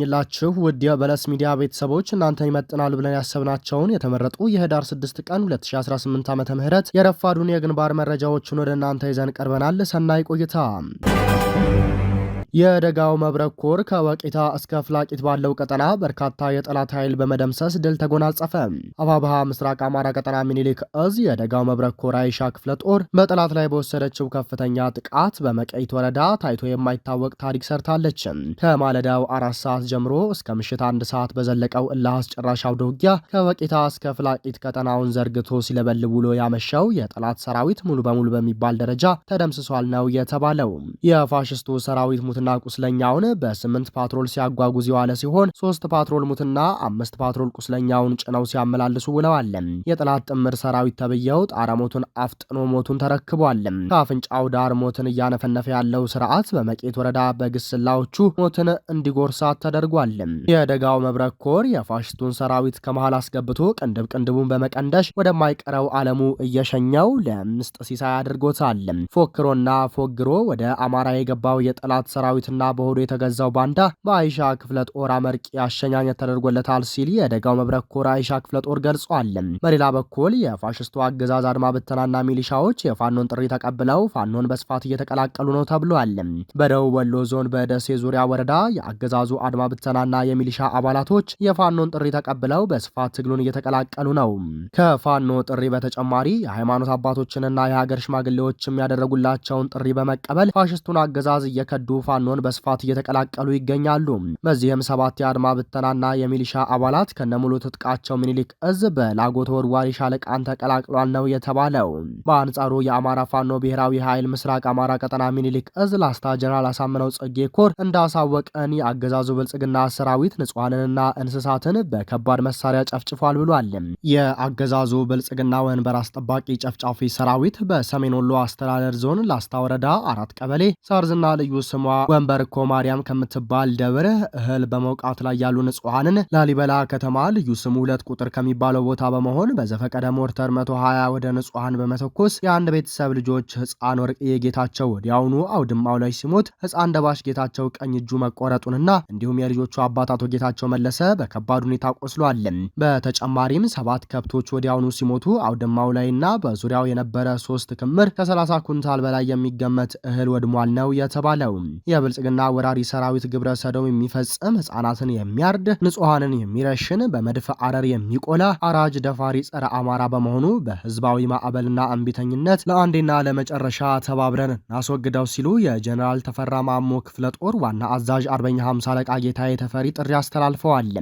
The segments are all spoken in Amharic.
ኝላችሁ ውድ የበለስ ሚዲያ ቤተሰቦች እናንተን ይመጥናሉ ብለን ያሰብናቸውን የተመረጡ የህዳር 6 ቀን 2018 ዓ ም የረፋዱን የግንባር መረጃዎችን ወደ እናንተ ይዘን ቀርበናል። ሰናይ ቆይታ የደጋው መብረቅ ኮር ከወቂታ እስከ ፍላቂት ባለው ቀጠና በርካታ የጠላት ኃይል በመደምሰስ ድል ተጎናጸፈ። አፋብሃ ምስራቅ አማራ ቀጠና ሚኒሊክ እዝ የደጋው መብረቅ ኮር አይሻ ክፍለ ጦር በጠላት ላይ በወሰደችው ከፍተኛ ጥቃት በመቀይት ወረዳ ታይቶ የማይታወቅ ታሪክ ሰርታለች። ከማለዳው አራት ሰዓት ጀምሮ እስከ ምሽት አንድ ሰዓት በዘለቀው እልህ አስጨራሽ አውደ ውጊያ ከወቂታ እስከ ፍላቂት ቀጠናውን ዘርግቶ ሲለበልብ ውሎ ያመሸው የጠላት ሰራዊት ሙሉ በሙሉ በሚባል ደረጃ ተደምስሷል ነው የተባለው። የፋሽስቱ ሰራዊት ሙትና ቁስለኛውን በስምንት ፓትሮል ሲያጓጉዝ የዋለ ሲሆን ሶስት ፓትሮል ሙትና አምስት ፓትሮል ቁስለኛውን ጭነው ሲያመላልሱ ውለዋል። የጠላት ጥምር ሰራዊት ተብየው ጣረ ሞቱን አፍጥኖ ሞቱን ተረክቧል። ከአፍንጫው ዳር ሞትን እያነፈነፈ ያለው ስርዓት በመቄት ወረዳ በግስላዎቹ ሞትን እንዲጎርሳት ተደርጓል። የደጋው መብረቅ ኮር የፋሽስቱን ሰራዊት ከመሃል አስገብቶ ቅንድብ ቅንድቡን በመቀንደሽ ወደማይቀረው ዓለሙ እየሸኘው ለምስጥ ሲሳይ አድርጎታል። ፎክሮና ፎግሮ ወደ አማራ የገባው የጠላት ሰራ ሰራዊትና በሆዱ የተገዛው ባንዳ በአይሻ ክፍለ ጦር አመርቂ አሸኛኘት ተደርጎለታል ሲል የደጋው መብረቅ ኮር አይሻ ክፍለ ጦር ገልጿል። በሌላ በኩል የፋሽስቱ አገዛዝ አድማ ብተናና ሚሊሻዎች የፋኖን ጥሪ ተቀብለው ፋኖን በስፋት እየተቀላቀሉ ነው ተብሏል። በደቡብ ወሎ ዞን በደሴ ዙሪያ ወረዳ የአገዛዙ አድማ ብተናና የሚሊሻ አባላቶች የፋኖን ጥሪ ተቀብለው በስፋት ትግሉን እየተቀላቀሉ ነው። ከፋኖ ጥሪ በተጨማሪ የሃይማኖት አባቶችንና የሀገር ሽማግሌዎችም ያደረጉላቸውን ጥሪ በመቀበል ፋሽስቱን አገዛዝ እየከዱ ፋኖን በስፋት እየተቀላቀሉ ይገኛሉ። በዚህም ሰባት የአድማ ብተናና የሚሊሻ አባላት ከነሙሉ ትጥቃቸው ሚኒሊክ እዝ በላጎ ተወርዋሪ ሻለቃን ተቀላቅሏል ነው የተባለው። በአንጻሩ የአማራ ፋኖ ብሔራዊ ኃይል ምስራቅ አማራ ቀጠና ሚኒሊክ እዝ ላስታ ጀነራል አሳምነው ጽጌ ኮር እንዳሳወቀን የአገዛዙ ብልጽግና ሰራዊት ንጹሐንንና እንስሳትን በከባድ መሳሪያ ጨፍጭፏል ብሏል። የአገዛዙ ብልጽግና ወንበር አስጠባቂ ጨፍጫፊ ሰራዊት በሰሜን ወሎ አስተዳደር ዞን ላስታ ወረዳ አራት ቀበሌ ሳርዝና ልዩ ስሟ ወንበር ኮ ማርያም ከምትባል ደብር እህል በመውቃት ላይ ያሉ ንጹሐንን ላሊበላ ከተማ ልዩ ስሙ ሁለት ቁጥር ከሚባለው ቦታ በመሆን በዘፈቀደ ሞርተር መቶ ሀያ ወደ ንጹሐን በመተኮስ የአንድ ቤተሰብ ልጆች ህፃን ወርቅዬ ጌታቸው ወዲያውኑ አውድማው ላይ ሲሞት ህፃን ደባሽ ጌታቸው ቀኝ እጁ መቆረጡንና እንዲሁም የልጆቹ አባት አቶ ጌታቸው መለሰ በከባድ ሁኔታ ቆስሏል። በተጨማሪም ሰባት ከብቶች ወዲያውኑ ሲሞቱ አውድማው ላይና በዙሪያው የነበረ ሶስት ክምር ከ30 ኩንታል በላይ የሚገመት እህል ወድሟል ነው የተባለው። የብልጽግና ወራሪ ሰራዊት ግብረ ሰዶም የሚፈጽም ህጻናትን የሚያርድ ንጹሐንን የሚረሽን በመድፍ አረር የሚቆላ አራጅ ደፋሪ ጸረ አማራ በመሆኑ በህዝባዊ ማዕበልና እምቢተኝነት ለአንዴና ለመጨረሻ ተባብረን እናስወግደው ሲሉ የጀኔራል ተፈራ ማሞ ክፍለ ጦር ዋና አዛዥ አርበኛ ሃምሳ አለቃ ጌታዬ ተፈሪ ጥሪ አስተላልፈዋል።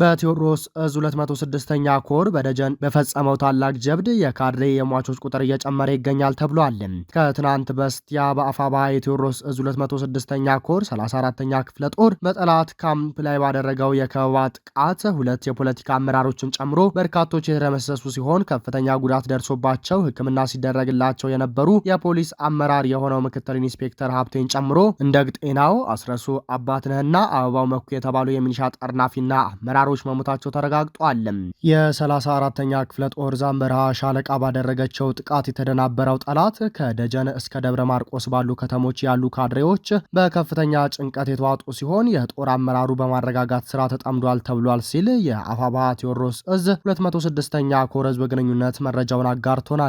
በቴዎድሮስ እዝ 206ኛ ኮር በደጀን በፈጸመው ታላቅ ጀብድ የካድሬ የሟቾች ቁጥር እየጨመረ ይገኛል ተብሏል። ከትናንት በስቲያ በአፋባ የቴዎድሮስ እዝ 206ኛ ኮር 34ኛ ክፍለ ጦር በጠላት ካምፕ ላይ ባደረገው የከበባ ጥቃት ሁለት የፖለቲካ አመራሮችን ጨምሮ በርካቶች የተደመሰሱ ሲሆን ከፍተኛ ጉዳት ደርሶባቸው ሕክምና ሲደረግላቸው የነበሩ የፖሊስ አመራር የሆነው ምክትል ኢንስፔክተር ሀብቴን ጨምሮ እንደ ግጤናው አስረሱ አባትነህና አበባው መኩ የተባሉ የሚኒሻ ጠርናፊና አመራር አመራሮች መሞታቸው ተረጋግጧል። 34 ክፍለ ጦር ዛምበረሃ ሻለቃ ባደረገቸው ጥቃት የተደናበረው ጠላት ከደጀን እስከ ደብረ ማርቆስ ባሉ ከተሞች ያሉ ካድሬዎች በከፍተኛ ጭንቀት የተዋጡ ሲሆን የጦር አመራሩ በማረጋጋት ስራ ተጠምዷል ተብሏል ሲል የአፋባ ቴዎድሮስ እዝ 206ኛ ኮረዝ በግንኙነት መረጃውን አጋርቶናል።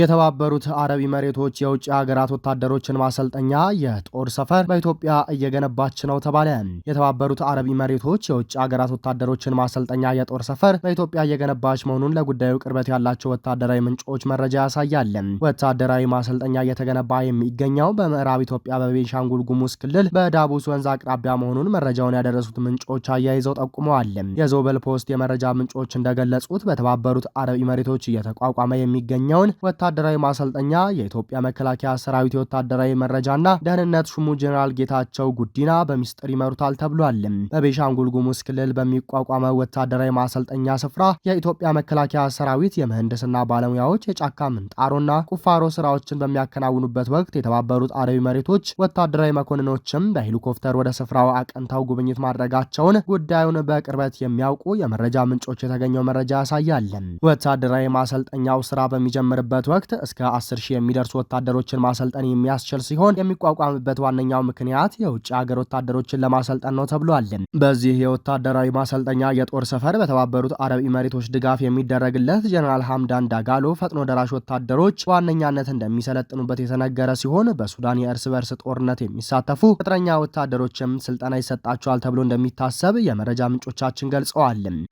የተባበሩት አረብ መሬቶች የውጭ ሀገራት ወታደሮችን ማሰልጠኛ የጦር ሰፈር በኢትዮጵያ እየገነባች ነው ተባለ። የተባበሩት አረብ መሬቶች የውጭ ሀገራት ወታደሮችን ማሰልጠኛ የጦር ሰፈር በኢትዮጵያ እየገነባች መሆኑን ለጉዳዩ ቅርበት ያላቸው ወታደራዊ ምንጮች መረጃ ያሳያል። ወታደራዊ ማሰልጠኛ እየተገነባ የሚገኘው በምዕራብ ኢትዮጵያ በቤንሻንጉል ጉሙዝ ክልል በዳቡስ ወንዝ አቅራቢያ መሆኑን መረጃውን ያደረሱት ምንጮች አያይዘው ጠቁመዋል። የዞበል ፖስት የመረጃ ምንጮች እንደገለጹት በተባበሩት አረብ መሬቶች እየተቋቋመ የሚገኘውን ወታደራዊ ማሰልጠኛ የኢትዮጵያ መከላከያ ሰራዊት የወታደራዊ መረጃና ደህንነት ሹሙ ጄኔራል ጌታቸው ጉዲና በሚስጥር ይመሩታል ተብሏል። በቤሻንጉል ጉሙዝ ክልል በሚቋቋመው ወታደራዊ ማሰልጠኛ ስፍራ የኢትዮጵያ መከላከያ ሰራዊት የምህንድስና ባለሙያዎች የጫካ ምንጣሮና ቁፋሮ ስራዎችን በሚያከናውኑበት ወቅት የተባበሩት አረቢ መሬቶች ወታደራዊ መኮንኖችም በሄሊኮፕተር ወደ ስፍራው አቅንተው ጉብኝት ማድረጋቸውን ጉዳዩን በቅርበት የሚያውቁ የመረጃ ምንጮች የተገኘው መረጃ ያሳያል። ወታደራዊ ማሰልጠኛው ስራ በሚጀምርበት ወቅት እስከ 10 ሺህ የሚደርሱ ወታደሮችን ማሰልጠን የሚያስችል ሲሆን የሚቋቋምበት ዋነኛው ምክንያት የውጭ ሀገር ወታደሮችን ለማሰልጠን ነው ተብሏል። በዚህ የወታደራዊ ማሰልጠኛ የጦር ሰፈር በተባበሩት አረብ ኢሚሬቶች ድጋፍ የሚደረግለት ጀነራል ሀምዳን ዳጋሎ ፈጥኖ ደራሽ ወታደሮች በዋነኛነት እንደሚሰለጥኑበት የተነገረ ሲሆን በሱዳን የእርስ በርስ ጦርነት የሚሳተፉ ቅጥረኛ ወታደሮችም ስልጠና ይሰጣቸዋል ተብሎ እንደሚታሰብ የመረጃ ምንጮቻችን ገልጸዋል።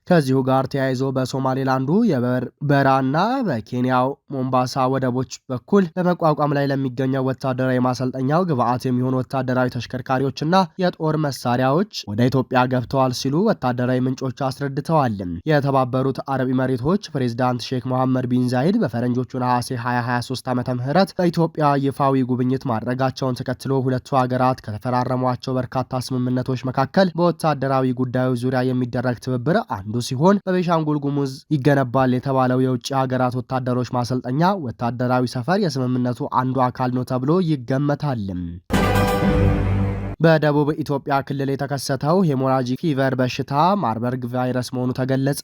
ከዚሁ ጋር ተያይዞ በሶማሌላንዱ የበራና በኬንያው ሞምባሳ በአዋሳ ወደቦች በኩል በመቋቋም ላይ ለሚገኘው ወታደራዊ ማሰልጠኛው ግብአት የሚሆኑ ወታደራዊ ተሽከርካሪዎችና የጦር መሳሪያዎች ወደ ኢትዮጵያ ገብተዋል ሲሉ ወታደራዊ ምንጮች አስረድተዋል። የተባበሩት አረብ ኢሚሬቶች ፕሬዚዳንት ሼክ መሐመድ ቢን ዛይድ በፈረንጆቹ ነሐሴ 2023 ዓ ም በኢትዮጵያ ይፋዊ ጉብኝት ማድረጋቸውን ተከትሎ ሁለቱ ሀገራት ከተፈራረሟቸው በርካታ ስምምነቶች መካከል በወታደራዊ ጉዳዮች ዙሪያ የሚደረግ ትብብር አንዱ ሲሆን በቤሻንጉል ጉሙዝ ይገነባል የተባለው የውጭ ሀገራት ወታደሮች ማሰልጠኛ ወታደራዊ ሰፈር የስምምነቱ አንዱ አካል ነው ተብሎ ይገመታል። በደቡብ ኢትዮጵያ ክልል የተከሰተው ሄሞራጂ ፊቨር በሽታ ማርበርግ ቫይረስ መሆኑ ተገለጸ።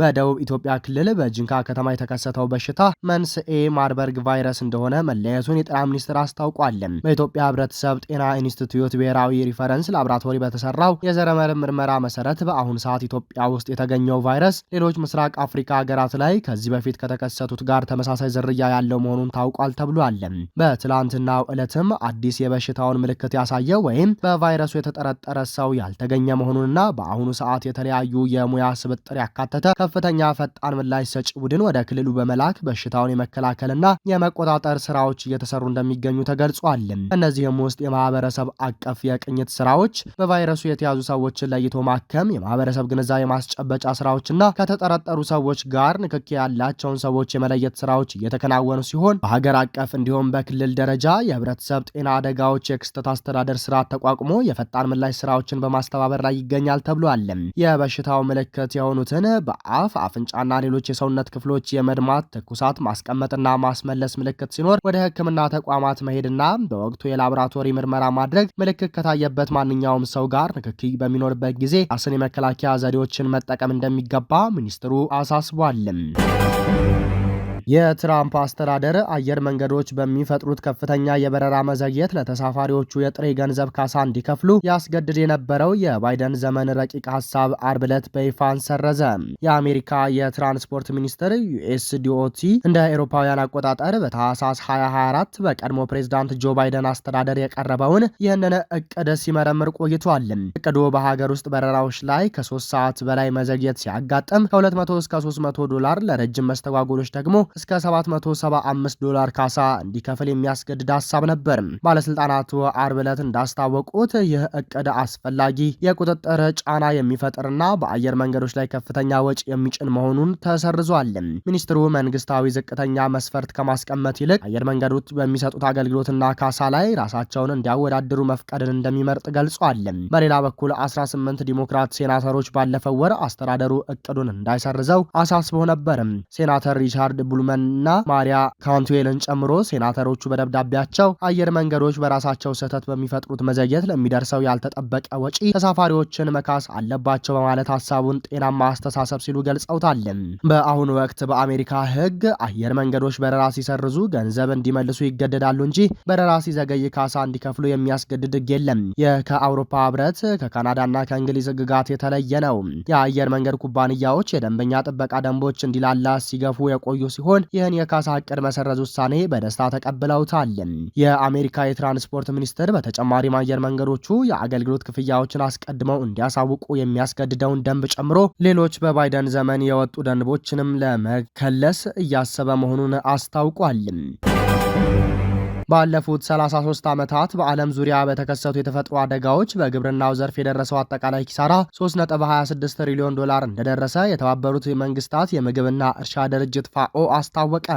በደቡብ ኢትዮጵያ ክልል በጅንካ ከተማ የተከሰተው በሽታ መንስኤ ማርበርግ ቫይረስ እንደሆነ መለየቱን የጤና ሚኒስቴር አስታውቋል። በኢትዮጵያ ሕብረተሰብ ጤና ኢንስቲትዩት ብሔራዊ ሪፈረንስ ላብራቶሪ በተሰራው የዘረመል ምርመራ መሰረት በአሁኑ ሰዓት ኢትዮጵያ ውስጥ የተገኘው ቫይረስ ሌሎች ምስራቅ አፍሪካ ሀገራት ላይ ከዚህ በፊት ከተከሰቱት ጋር ተመሳሳይ ዝርያ ያለው መሆኑን ታውቋል ተብሏል። በትላንትናው ዕለትም አዲስ የበሽታውን ምልክት ያሳየው ወይም በቫይረሱ የተጠረጠረ ሰው ያልተገኘ መሆኑንና በአሁኑ ሰዓት የተለያዩ የሙያ ስብጥር ያካተተ ከፍተኛ ፈጣን ምላሽ ሰጪ ቡድን ወደ ክልሉ በመላክ በሽታውን የመከላከልና የመቆጣጠር ስራዎች እየተሰሩ እንደሚገኙ ተገልጿል። እነዚህም ውስጥ የማህበረሰብ አቀፍ የቅኝት ስራዎች፣ በቫይረሱ የተያዙ ሰዎችን ለይቶ ማከም፣ የማህበረሰብ ግንዛቤ ማስጨበጫ ስራዎችና ከተጠረጠሩ ሰዎች ጋር ንክኪ ያላቸውን ሰዎች የመለየት ስራዎች እየተከናወኑ ሲሆን በሀገር አቀፍ እንዲሁም በክልል ደረጃ የህብረተሰብ ጤና አደጋዎች የክስተት አስተዳደር ስርዓት ተቋ አቋቁሞ የፈጣን ምላሽ ስራዎችን በማስተባበር ላይ ይገኛል ተብሏል። የበሽታው ምልክት የሆኑትን በአፍ አፍንጫና ሌሎች የሰውነት ክፍሎች የመድማት ትኩሳት፣ ማስቀመጥና ማስመለስ ምልክት ሲኖር ወደ ሕክምና ተቋማት መሄድና በወቅቱ የላቦራቶሪ ምርመራ ማድረግ ምልክት ከታየበት ማንኛውም ሰው ጋር ንክኪ በሚኖርበት ጊዜ ራስን የመከላከያ ዘዴዎችን መጠቀም እንደሚገባ ሚኒስትሩ አሳስቧል። የትራምፕ አስተዳደር አየር መንገዶች በሚፈጥሩት ከፍተኛ የበረራ መዘግየት ለተሳፋሪዎቹ የጥሬ ገንዘብ ካሳ እንዲከፍሉ ያስገድድ የነበረው የባይደን ዘመን ረቂቅ ሀሳብ አርብ ዕለት በይፋን ሰረዘ። የአሜሪካ የትራንስፖርት ሚኒስትር ዩኤስዲኦቲ እንደ አውሮፓውያን አቆጣጠር በታህሳስ 2024 በቀድሞ ፕሬዚዳንት ጆ ባይደን አስተዳደር የቀረበውን ይህንን እቅድ ሲመረምር ቆይቷል። እቅዱ በሀገር ውስጥ በረራዎች ላይ ከሶስት ሰዓት በላይ መዘግየት ሲያጋጥም ከ200 እስከ 300 ዶላር፣ ለረጅም መስተጓጎሎች ደግሞ እስከ 775 ዶላር ካሳ እንዲከፍል የሚያስገድድ ሀሳብ ነበር። ባለስልጣናቱ አርብ ዕለት እንዳስታወቁት ይህ እቅድ አስፈላጊ የቁጥጥር ጫና የሚፈጥርና በአየር መንገዶች ላይ ከፍተኛ ወጪ የሚጭን መሆኑን ተሰርዟል። ሚኒስትሩ መንግስታዊ ዝቅተኛ መስፈርት ከማስቀመጥ ይልቅ አየር መንገዶች በሚሰጡት አገልግሎትና ካሳ ላይ ራሳቸውን እንዲያወዳድሩ መፍቀድን እንደሚመርጥ ገልጿል። በሌላ በኩል 18 ዲሞክራት ሴናተሮች ባለፈው ወር አስተዳደሩ እቅዱን እንዳይሰርዘው አሳስበው ነበር። ሴናተር ሪቻርድ ብሉ ኮልመንና ማሪያ ካንትዌልን ጨምሮ ሴናተሮቹ በደብዳቤያቸው አየር መንገዶች በራሳቸው ስህተት በሚፈጥሩት መዘግየት ለሚደርሰው ያልተጠበቀ ወጪ ተሳፋሪዎችን መካስ አለባቸው በማለት ሀሳቡን ጤናማ አስተሳሰብ ሲሉ ገልጸውታል። በአሁኑ ወቅት በአሜሪካ ሕግ አየር መንገዶች በረራ ሲሰርዙ ገንዘብ እንዲመልሱ ይገደዳሉ እንጂ በረራ ሲዘገይ ካሳ እንዲከፍሉ የሚያስገድድ ሕግ የለም። ይህ ከአውሮፓ ሕብረት ከካናዳና ከእንግሊዝ ሕግጋት የተለየ ነው። የአየር መንገድ ኩባንያዎች የደንበኛ ጥበቃ ደንቦች እንዲላላ ሲገፉ የቆዩ ሲሆን ሲሆን ይህን የካሳ እቅድ መሰረዝ ውሳኔ በደስታ ተቀብለውታል። የአሜሪካ የትራንስፖርት ሚኒስትር በተጨማሪም አየር መንገዶቹ የአገልግሎት ክፍያዎችን አስቀድመው እንዲያሳውቁ የሚያስገድደውን ደንብ ጨምሮ ሌሎች በባይደን ዘመን የወጡ ደንቦችንም ለመከለስ እያሰበ መሆኑን አስታውቋል። ባለፉት 33 ዓመታት በዓለም ዙሪያ በተከሰቱ የተፈጥሮ አደጋዎች በግብርናው ዘርፍ የደረሰው አጠቃላይ ኪሳራ 3.26 ትሪሊዮን ዶላር እንደደረሰ የተባበሩት መንግስታት የምግብና እርሻ ድርጅት ፋኦ አስታወቀ።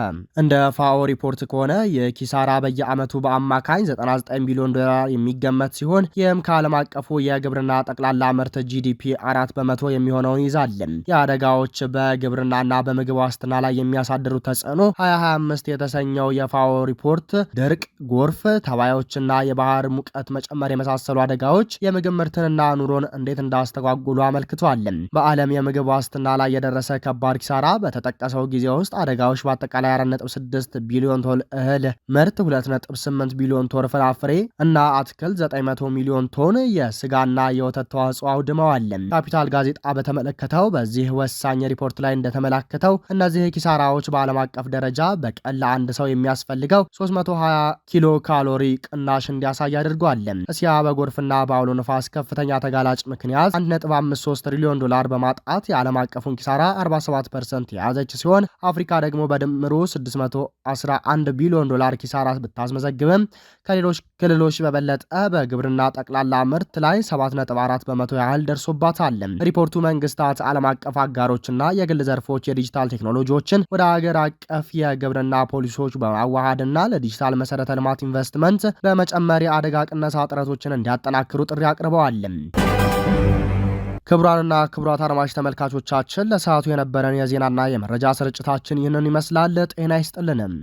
እንደ ፋኦ ሪፖርት ከሆነ የኪሳራ በየዓመቱ በአማካኝ 99 ቢሊዮን ዶላር የሚገመት ሲሆን ይህም ከዓለም አቀፉ የግብርና ጠቅላላ ምርት ጂዲፒ አራት በመቶ የሚሆነውን ይዛል። የአደጋዎች በግብርናና በምግብ ዋስትና ላይ የሚያሳድሩት ተጽዕኖ 2025 የተሰኘው የፋኦ ሪፖርት ድርቅ ድርቅ፣ ጎርፍ፣ ተባዮችና የባህር ሙቀት መጨመር የመሳሰሉ አደጋዎች የምግብ ምርትንና ኑሮን እንዴት እንዳስተጓጉሉ አመልክቷል። በዓለም የምግብ ዋስትና ላይ የደረሰ ከባድ ኪሳራ በተጠቀሰው ጊዜ ውስጥ አደጋዎች በአጠቃላይ 4.6 ቢሊዮን ቶን እህል ምርት፣ 2.8 ቢሊዮን ቶን ፍራፍሬ እና አትክልት፣ 900 ሚሊዮን ቶን የስጋና የወተት ተዋጽኦ አውድመዋል። ካፒታል ጋዜጣ በተመለከተው በዚህ ወሳኝ ሪፖርት ላይ እንደተመላከተው እነዚህ ኪሳራዎች በዓለም አቀፍ ደረጃ በቀን ለአንድ ሰው የሚያስፈልገው 320 ኪሎ ካሎሪ ቅናሽ እንዲያሳይ አድርጓል። እስያ በጎርፍና በአውሎ ነፋስ ከፍተኛ ተጋላጭ ምክንያት 153 ትሪሊዮን ዶላር በማጣት የዓለም አቀፉን ኪሳራ 47 ፐርሰንት የያዘች ሲሆን አፍሪካ ደግሞ በድምሩ 611 ቢሊዮን ዶላር ኪሳራ ብታስመዘግብም ከሌሎች ክልሎች በበለጠ በግብርና ጠቅላላ ምርት ላይ 7.4 በመቶ ያህል ደርሶባታል። ሪፖርቱ መንግስታት፣ ዓለም አቀፍ አጋሮችና የግል ዘርፎች የዲጂታል ቴክኖሎጂዎችን ወደ አገር አቀፍ የግብርና ፖሊሲዎች በማዋሃድና ለዲጂታል መሰረት የመሰረተ ልማት ኢንቨስትመንት በመጨመር የአደጋ ቅነሳ ጥረቶችን እንዲያጠናክሩ ጥሪ አቅርበዋል። ክቡራንና ክቡራት አድማጭ ተመልካቾቻችን ለሰዓቱ የነበረን የዜናና የመረጃ ስርጭታችን ይህንን ይመስላል። ጤና ይስጥልንም።